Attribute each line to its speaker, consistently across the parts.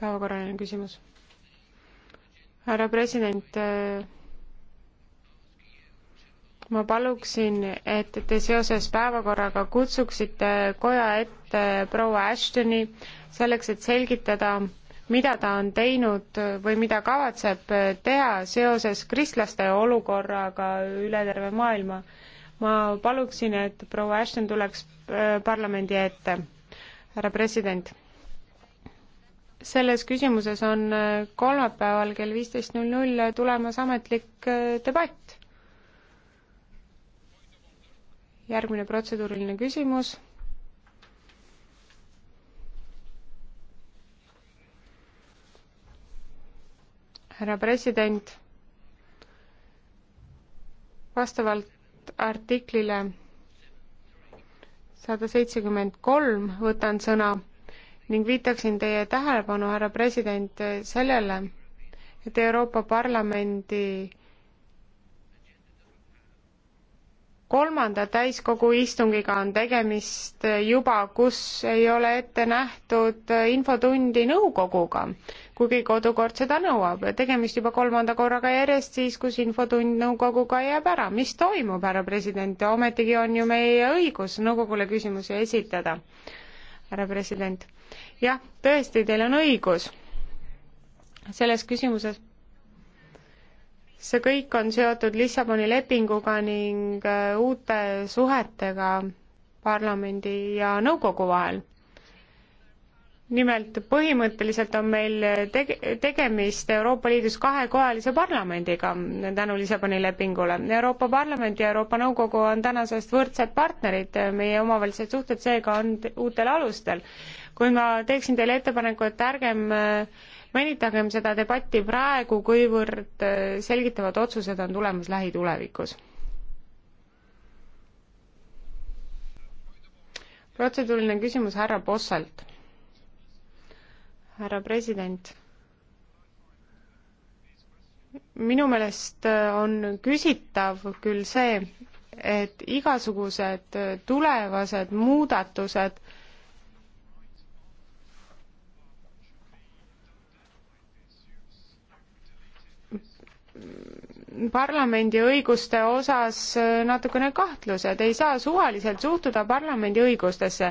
Speaker 1: päevakorraline küsimus. härra president, äh, ma paluksin, et te seoses päevakorraga kutsuksite koja ette proua Ashtoni selleks, et selgitada, mida ta on teinud või mida kavatseb teha seoses kristlaste olukorraga üle terve maailma. ma paluksin, et proua Ashton tuleks äh, parlamendi ette. härra president selles küsimuses on äh, kolmapäeval kell viisteist null null tulemas ametlik äh, debatt. järgmine protseduuriline küsimus. härra president, vastavalt artiklile sada seitsekümmend kolm võtan sõna ning viitaksin teie tähelepanu, härra president, sellele, et Euroopa Parlamendi kolmanda täiskogu istungiga on tegemist juba, kus ei ole ette nähtud infotundi nõukoguga, kuigi kodukord seda nõuab. tegemist juba kolmanda korraga järjest siis, kus infotund nõukoguga jääb ära. mis toimub, härra president, ometigi on ju meie õigus nõukogule küsimusi esitada, härra president jah, tõesti, teil on õigus selles küsimuses. see kõik on seotud Lissaboni lepinguga ning äh, uute suhetega parlamendi ja nõukogu vahel nimelt põhimõtteliselt on meil tege-, tegemist Euroopa Liidus kahekojalise parlamendiga tänu Lissaboni lepingule. Euroopa Parlament ja Euroopa Nõukogu on tänasest võrdsed partnerid, meie omavahelised suhted seega on uutel alustel. kui ma teeksin teile ettepaneku, et ärgem äh, venitagem seda debatti praegu, kuivõrd äh, selgitavad otsused on tulemas lähitulevikus. protseduuriline küsimus härra Bosselt härra president. minu meelest äh, on küsitav küll see, et igasugused äh, tulevased muudatused parlamendi õiguste osas äh, natukene kahtlused, ei saa suvaliselt suhtuda parlamendi õigustesse.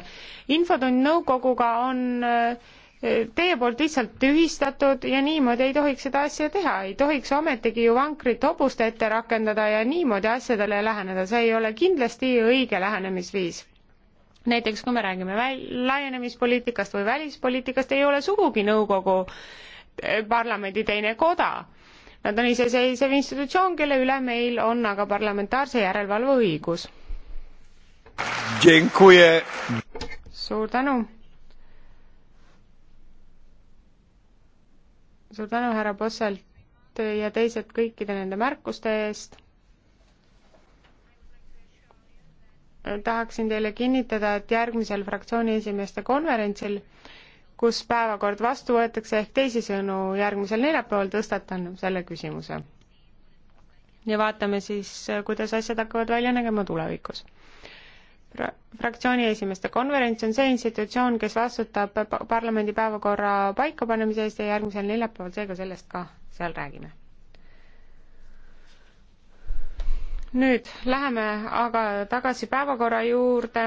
Speaker 1: infotund nõukoguga on äh, teie poolt lihtsalt tühistatud ja niimoodi ei tohiks seda asja teha, ei tohiks ometigi ju vankrit hobuste ette rakendada ja niimoodi asjadele läheneda, see ei ole kindlasti õige lähenemisviis. näiteks kui me räägime väl-, laienemispoliitikast või välispoliitikast, ei ole sugugi nõukogu eh, parlamendi teine koda. Nad on iseseisev institutsioon, kelle üle meil on aga parlamentaarse järelevalve õigus. suur tänu suur tänu, härra Posselt ja teised kõikide nende märkuste eest. tahaksin teile kinnitada, et järgmisel fraktsiooni esimeeste konverentsil, kus päevakord vastu võetakse, ehk teisisõnu järgmisel neljapäeval tõstatan selle küsimuse. ja vaatame siis, kuidas asjad hakkavad välja nägema tulevikus fraktsiooni esimeeste konverents on see institutsioon, kes vastutab parlamendi päevakorra paikapanemise eest ja järgmisel neljapäeval, seega sellest ka seal räägime. nüüd läheme aga tagasi päevakorra juurde,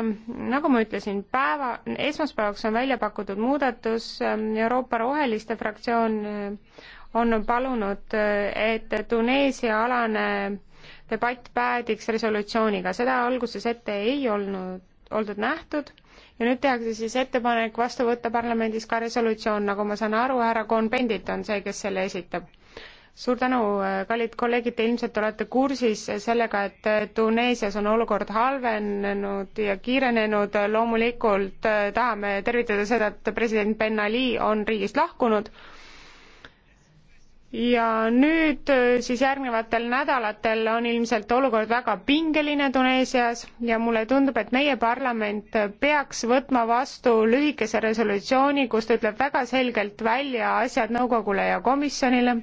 Speaker 1: nagu ma ütlesin, päeva, esmaspäevaks on välja pakutud muudatus, ähm, Euroopa Roheliste fraktsioon on palunud, et Tuneesia alane debatt päädiks resolutsiooniga, seda alguses ette ei olnud, oldud nähtud ja nüüd tehakse siis ettepanek vastu võtta parlamendis ka resolutsioon, nagu ma saan aru, härra Cohn-Bendit on see, kes selle esitab. suur tänu, kallid kolleegid, te ilmselt olete kursis sellega, et Tuneesias on olukord halvenenud ja kiirenenud, loomulikult tahame tervitada seda, et president Ben Ali on riigist lahkunud ja nüüd äh, siis järgnevatel nädalatel on ilmselt olukord väga pingeline Tuneesias ja mulle tundub, et meie parlament peaks võtma vastu lühikese resolutsiooni, kus ta ütleb väga selgelt välja asjad nõukogule ja komisjonile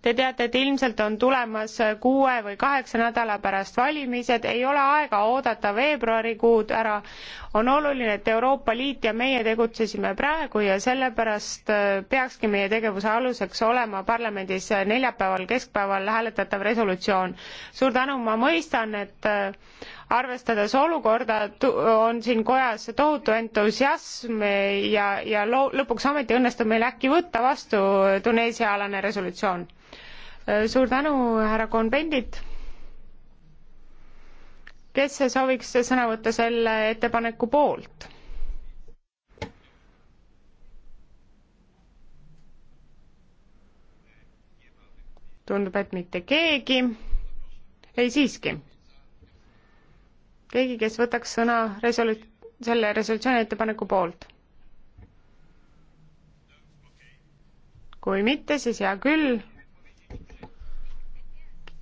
Speaker 1: Te teate, et ilmselt on tulemas kuue või kaheksa nädala pärast valimised, ei ole aega oodata veebruarikuud ära. on oluline, et Euroopa Liit ja meie tegutsesime praegu ja sellepärast äh, peakski meie tegevuse aluseks olema parlamendis neljapäeval keskpäeval hääletatav resolutsioon. suur tänu, ma mõistan, et äh, arvestades olukorda, on siin kojas tohutu entusiasm ja, ja loo-, lõpuks ometi õnnestub meil äkki võtta vastu Tuneesia alane resolutsioon. Äh, suur tänu, härra Kohn-Pendit. kes sooviks sõna võtta selle ettepaneku poolt? tundub, et mitte keegi. ei, siiski. keegi, kes võtaks sõna resolu-, selle resolutsiooni ettepaneku poolt. kui mitte, siis hea küll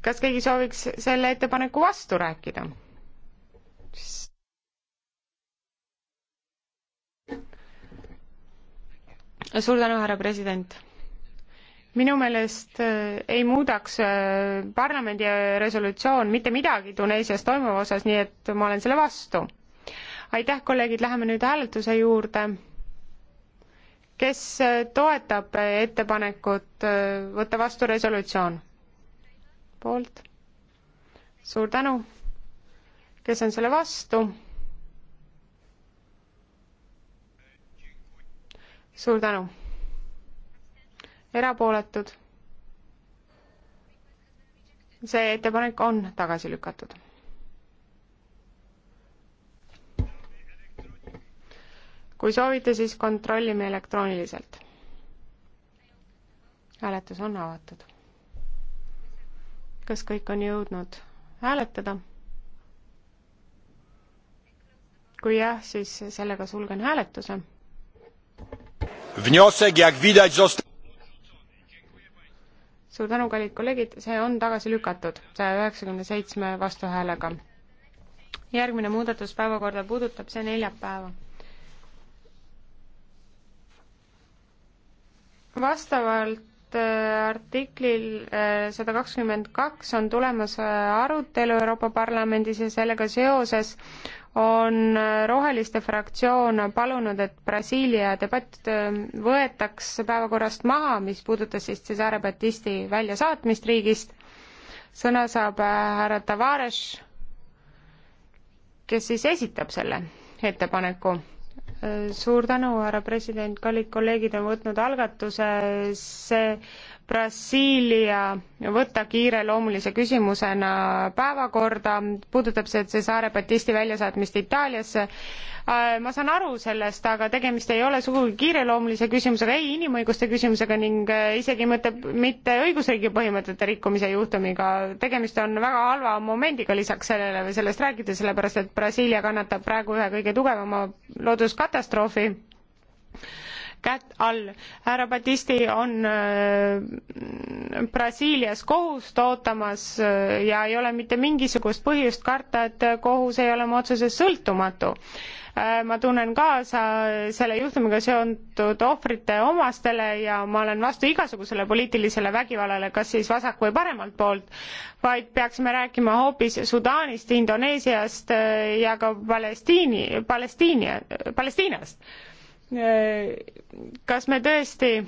Speaker 1: kas keegi sooviks selle ettepaneku vastu rääkida? suur tänu, härra president. minu meelest äh, ei muudaks äh, parlamendi resolutsioon mitte midagi Tuneesias toimuva osas, nii et ma olen selle vastu. aitäh, kolleegid, läheme nüüd hääletuse juurde. kes äh, toetab ettepanekut võtta vastu resolutsioon? poolt. suur tänu. kes on selle vastu? suur tänu. erapooletud? see ettepanek on tagasi lükatud. kui soovite, siis kontrollime elektrooniliselt. hääletus on avatud kas kõik on jõudnud hääletada? kui jah, siis sellega sulgen hääletuse. suur tänu, kallid kolleegid, see on tagasi lükatud saja üheksakümne seitsme vastuhäälega. järgmine muudatus päevakorda puudutab see neljapäeva vastavalt et äh, artiklil äh, sada kakskümmend kaks on tulemas äh, arutelu Euroopa Parlamendis ja sellega seoses on Roheliste fraktsioon palunud, et Brasiilia debatt võetaks päevakorrast maha, mis puudutas siis Cesare Battisti väljasaatmist riigist. sõna saab härra Tavares, kes siis esitab selle ettepaneku suur tänu, härra president, kallid kolleegid on võtnud algatuse see Brasiilia võtta kiireloomulise küsimusena päevakorda, puudutab see Cesare Battisti väljasaatmist Itaaliasse. Äh, ma saan aru sellest, aga tegemist ei ole sugugi kiireloomulise küsimusega, ei inimõiguste küsimusega ning äh, isegi mõte, mitte õigusriigi põhimõtete rikkumise juhtumiga. tegemist on väga halva momendiga lisaks sellele või sellest rääkida, sellepärast et Brasiilia kannatab praegu ühe kõige tugevama looduskatastroofi kätt all. härra Batisti on äh, Brasiilias kohust ootamas äh, ja ei ole mitte mingisugust põhjust karta, et äh, kohus ei ole oma otsuses sõltumatu ma tunnen kaasa selle juhtumiga seotud ohvrite omastele ja ma olen vastu igasugusele poliitilisele vägivallale, kas siis vasak- või paremalt poolt, vaid peaksime rääkima hoopis Sudaanist, Indoneesiast ja ka Palestiini, Palestiini, Palestiinast kas me tõesti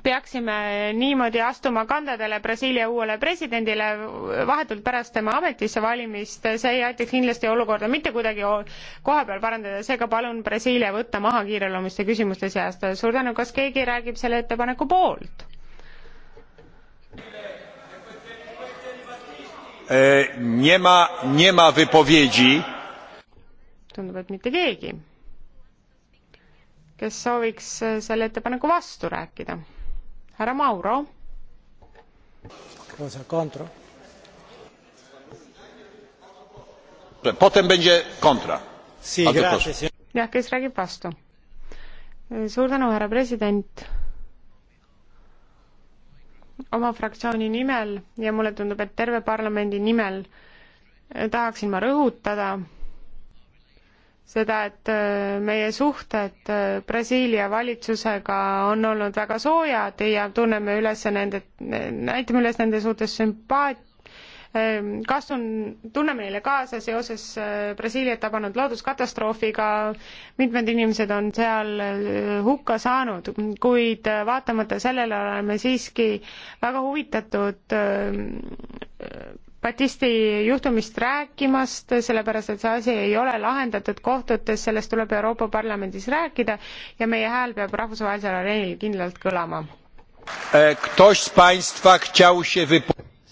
Speaker 1: peaksime niimoodi astuma kandadele Brasiilia uuele presidendile vahetult pärast tema ametisse valimist, see ei aitaks kindlasti olukorda mitte kuidagi kohapeal parandada, seega palun Brasiilia võtta maha kiireloomuliste küsimuste seast. suur tänu, kas keegi räägib selle ettepaneku poolt?
Speaker 2: E, nie ma, nie ma wypowiedzi.
Speaker 1: tundub, et mitte keegi kes sooviks äh, selle ettepaneku vastu rääkida. härra Mauro. jah, kes räägib vastu? Äh, suur tänu, härra president. oma fraktsiooni nimel ja mulle tundub, et terve parlamendi nimel äh, tahaksin ma rõhutada, seda, et äh, meie suhted äh, Brasiilia valitsusega on olnud väga soojad ja tunneme üles nende, näitame üles nende suhtes sümpaat-, ähm, kastun, tunneme neile kaasa seoses äh, Brasiiliat tabanud looduskatastroofiga, mitmed inimesed on seal hukka saanud, kuid vaatamata sellele oleme siiski väga huvitatud ähm, Batisti juhtumist rääkimast, sellepärast et see asi ei ole lahendatud kohtutes, sellest tuleb Euroopa Parlamendis rääkida ja meie hääl peab rahvusvahelisel areenil kindlalt kõlama.
Speaker 2: Eh,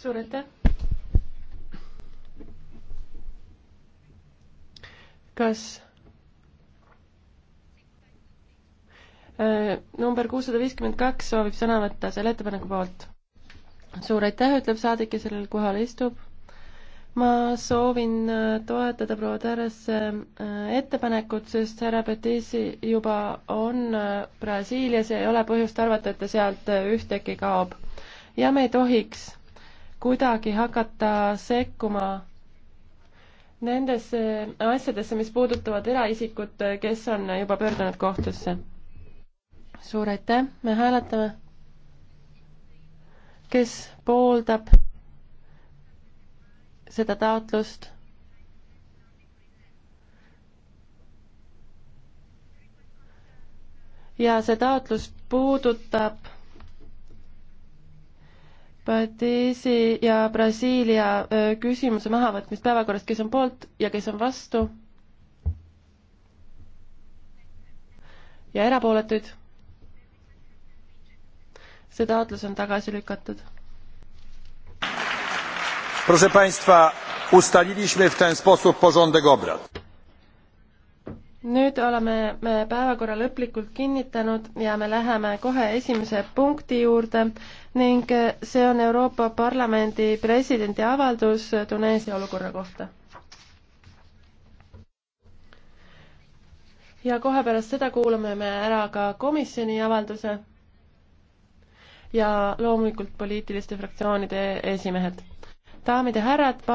Speaker 2: suur aitäh. kas eh, number kuussada viiskümmend kaks soovib sõna võtta selle ettepaneku poolt? suur aitäh, ütleb saadik ja sellel kohal istub. ma soovin äh, toetada proua Tärese äh, ettepanekut, sest härra Petisi juba on äh, Brasiilias ja ei ole põhjust arvata, et ta sealt ühtegi kaob. ja me ei tohiks kuidagi hakata sekkuma nendesse asjadesse, mis puudutavad eraisikud, kes on juba pöördunud kohtusse. suur aitäh, me hääletame kes pooldab seda taotlust ja see taotlus puudutab Padiisi ja Brasiilia küsimuse mahavõtmist päevakorrast, kes on poolt ja kes on vastu. ja erapooletuid see taotlus on tagasi lükatud. Proszę Państwa, ustaliliśmy w ten sposób porządek obrad. nüüd oleme me päevakorra lõplikult kinnitanud ja me läheme kohe esimese punkti juurde ning see on Euroopa Parlamendi presidendi avaldus Tuneesia olukorra kohta. ja kohe pärast seda kuulame me ära ka komisjoni avalduse ja loomulikult poliitiliste fraktsioonide esimehed. daamid ja härrad,